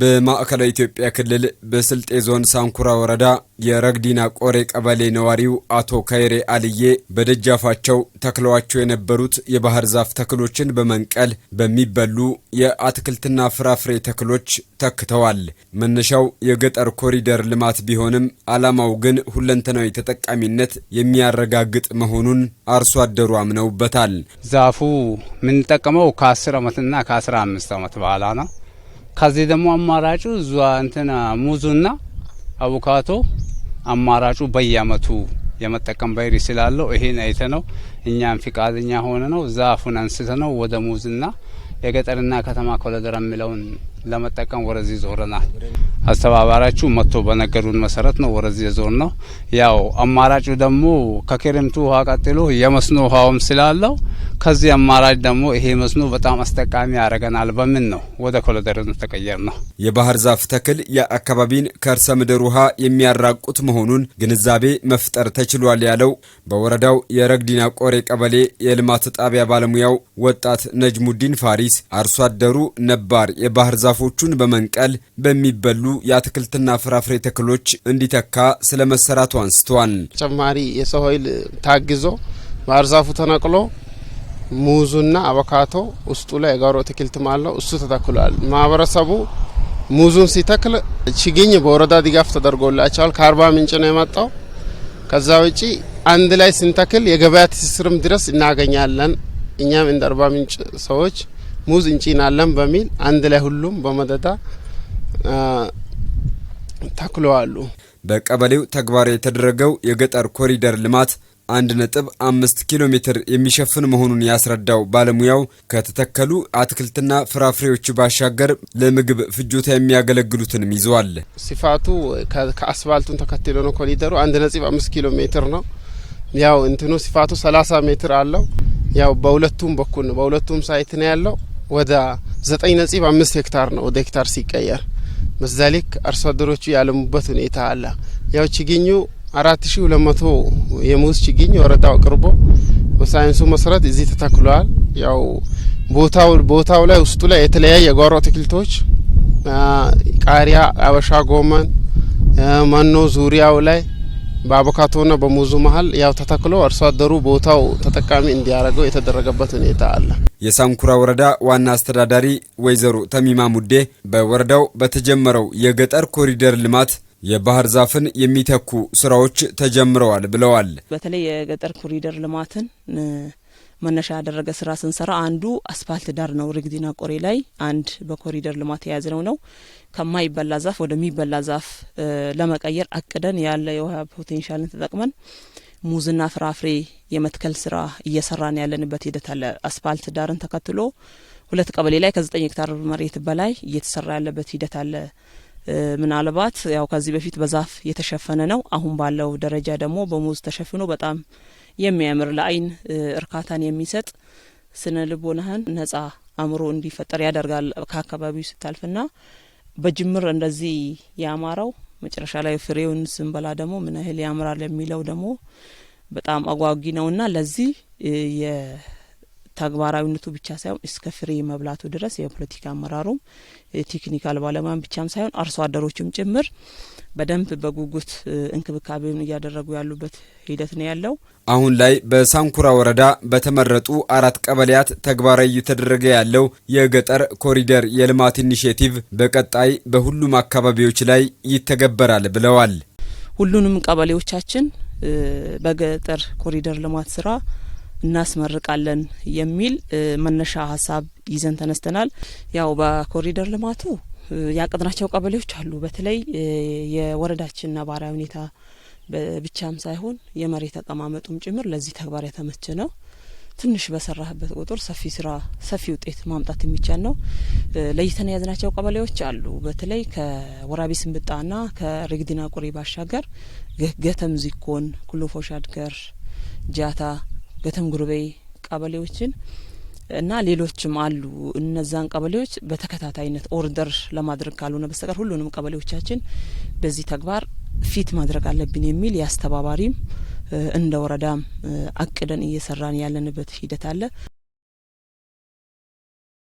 በማዕከላዊ ኢትዮጵያ ክልል በስልጤ ዞን ሳንኩራ ወረዳ የረግዲና ቆሬ ቀበሌ ነዋሪው አቶ ካይሬ አልዬ በደጃፋቸው ተክለዋቸው የነበሩት የባህር ዛፍ ተክሎችን በመንቀል በሚበሉ የአትክልትና ፍራፍሬ ተክሎች ተክተዋል። መነሻው የገጠር ኮሪደር ልማት ቢሆንም ዓላማው ግን ሁለንተናዊ ተጠቃሚነት የሚያረጋግጥ መሆኑን አርሶ አደሩ አምነውበታል። ዛፉ የምንጠቀመው ከ10 ዓመትና ከ15 ዓመት በኋላ ነው። ከዚህ ደግሞ አማራጩ እዛ እንትና ሙዙና አቮካቶ አማራጩ በየአመቱ የመጠቀም ባይሪ ስላለው ይሄን አይተ ነው እኛም ፍቃደኛ ሆነ ነው ዛፉን አንስተ ነው ወደ ሙዝና የገጠርና ከተማ ኮሪደር የሚለውን ለመጠቀም ወደዚህ ዞረናል። አስተባባሪያችሁ መጥቶ በነገሩን መሰረት ነው ወደዚህ የዞር ነው። ያው አማራጩ ደግሞ ከክረምቱ ውሃ ቀጥሎ የመስኖ ውሃውም ስላለው ከዚህ አማራጭ ደግሞ ይሄ መስኖ በጣም አስጠቃሚ ያደረገናል በሚል ነው ወደ ኮለደርን ተቀየር ነው። የባህር ዛፍ ተክል የአካባቢን ከርሰ ምድር ውሃ የሚያራቁት መሆኑን ግንዛቤ መፍጠር ተችሏል ያለው በወረዳው የረግዲና ቆሬ ቀበሌ የልማት ጣቢያ ባለሙያው ወጣት ነጅሙዲን ፋሪስ አርሶ አደሩ ነባር የባህር ዛፍ ዛፎቹን በመንቀል በሚበሉ የአትክልትና ፍራፍሬ ተክሎች እንዲተካ ስለ መሰራቱ አንስተዋል። ተጨማሪ የሰው ኃይል ታግዞ ባህር ዛፉ ተነቅሎ ሙዙና አቮካቶ ውስጡ ላይ የጋሮ አትክልትም አለው እሱ ተተክሏል። ማህበረሰቡ ሙዙን ሲተክል ችግኝ በወረዳ ድጋፍ ተደርጎላቸዋል። ከአርባ ምንጭ ነው የመጣው። ከዛ ውጪ አንድ ላይ ስንተክል የገበያ ትስስርም ድረስ እናገኛለን። እኛም እንደ አርባ ምንጭ ሰዎች ሙዝ እንጭናለን በሚል አንድ ላይ ሁሉም በመደዳ ተክለዋሉ። በቀበሌው ተግባራዊ የተደረገው የገጠር ኮሪደር ልማት አንድ ነጥብ አምስት ኪሎ ሜትር የሚሸፍን መሆኑን ያስረዳው ባለሙያው ከተተከሉ አትክልትና ፍራፍሬዎች ባሻገር ለምግብ ፍጆታ የሚያገለግሉትንም ይዘዋል። ስፋቱ ከአስፋልቱን ተከትሎ ነው። ኮሪደሩ አንድ ነጥብ አምስት ኪሎ ሜትር ነው። ያው እንትኑ ስፋቱ ሰላሳ ሜትር አለው። ያው በሁለቱም በኩል ነው፣ በሁለቱም ሳይት ነው ያለው። ወደ ዘጠኝ ነጥብ አምስት ሄክታር ነው ወደ ሄክታር ሲቀየር፣ በዛ ልክ አርሶ አደሮቹ ያለሙበት ሁኔታ አለ። ያው ችግኙ አራት ሺ ሁለት መቶ የሙዝ ችግኝ ወረዳው አቅርቦ በሳይንሱ መሰረት እዚህ ተተክሏል። ያው ቦታው ቦታው ላይ ውስጡ ላይ የተለያየ የጓሮ አትክልቶች ቃሪያ፣ አበሻ ጎመን፣ መኖ ዙሪያው ላይ በአቮካቶና በሙዙ መሀል ያው ተተክሎ አርሶ አደሩ ቦታው ተጠቃሚ እንዲያደርገው የተደረገበት ሁኔታ አለ። የሳንኩራ ወረዳ ዋና አስተዳዳሪ ወይዘሮ ተሚማ ሙዴ በወረዳው በተጀመረው የገጠር ኮሪደር ልማት የባህር ዛፍን የሚተኩ ስራዎች ተጀምረዋል ብለዋል። በተለይ የገጠር ኮሪደር ልማትን መነሻ ያደረገ ስራ ስንሰራ አንዱ አስፋልት ዳር ነው። ርግዲና ቆሬ ላይ አንድ በኮሪደር ልማት የያዝነው ነው። ከማይበላ ዛፍ ወደሚበላ ዛፍ ለመቀየር አቅደን ያለ የውሃ ፖቴንሻልን ተጠቅመን ሙዝና ፍራፍሬ የመትከል ስራ እየሰራን ያለንበት ሂደት አለ። አስፋልት ዳርን ተከትሎ ሁለት ቀበሌ ላይ ከዘጠኝ ሄክታር መሬት በላይ እየተሰራ ያለበት ሂደት አለ። ምናልባት ያው ከዚህ በፊት በዛፍ የተሸፈነ ነው። አሁን ባለው ደረጃ ደግሞ በሙዝ ተሸፍኖ በጣም የሚያምር ለአይን እርካታን የሚሰጥ ስነ ልቦናህን ነጻ አእምሮ እንዲፈጠር ያደርጋል። ከአካባቢው ስታልፍና በጅምር እንደዚህ ያማረው መጨረሻ ላይ ፍሬውን ስንበላ ደግሞ ምን ያህል ያምራል የሚለው ደግሞ በጣም አጓጊ ነውና ለዚህ ተግባራዊነቱ ብቻ ሳይሆን እስከ ፍሬ መብላቱ ድረስ የፖለቲካ አመራሩም ቴክኒካል ባለሙያም ብቻም ሳይሆን አርሶ አደሮችም ጭምር በደንብ በጉጉት እንክብካቤውን እያደረጉ ያሉበት ሂደት ነው ያለው። አሁን ላይ በሳንኩራ ወረዳ በተመረጡ አራት ቀበሌያት ተግባራዊ እየተደረገ ያለው የገጠር ኮሪደር የልማት ኢኒሽቲቭ በቀጣይ በሁሉም አካባቢዎች ላይ ይተገበራል ብለዋል። ሁሉንም ቀበሌዎቻችን በገጠር ኮሪደር ልማት ስራ እናስመርቃለን የሚል መነሻ ሀሳብ ይዘን ተነስተናል። ያው በኮሪደር ልማቱ ያቀድናቸው ቀበሌዎች አሉ። በተለይ የወረዳችን ነባራዊ ሁኔታ ብቻም ሳይሆን የመሬት አቀማመጡም ጭምር ለዚህ ተግባር የተመቸ ነው። ትንሽ በሰራህበት ቁጥር ሰፊ ስራ ሰፊ ውጤት ማምጣት የሚቻል ነው። ለይተን የያዝናቸው ቀበሌዎች አሉ። በተለይ ከወራቢ ስንብጣና ከሬግዲና ቁሪ ባሻገር ገተም ዚኮን፣ ኩሎፎሻድገር፣ ጃታ ገተምጉርበይ ቀበሌዎችን እና ሌሎችም አሉ። እነዛን ቀበሌዎች በተከታታይነት ኦርደር ለማድረግ ካልሆነ በስተቀር ሁሉንም ቀበሌዎቻችን በዚህ ተግባር ፊት ማድረግ አለብን የሚል የአስተባባሪም እንደ ወረዳም አቅደን እየሰራን ያለንበት ሂደት አለ።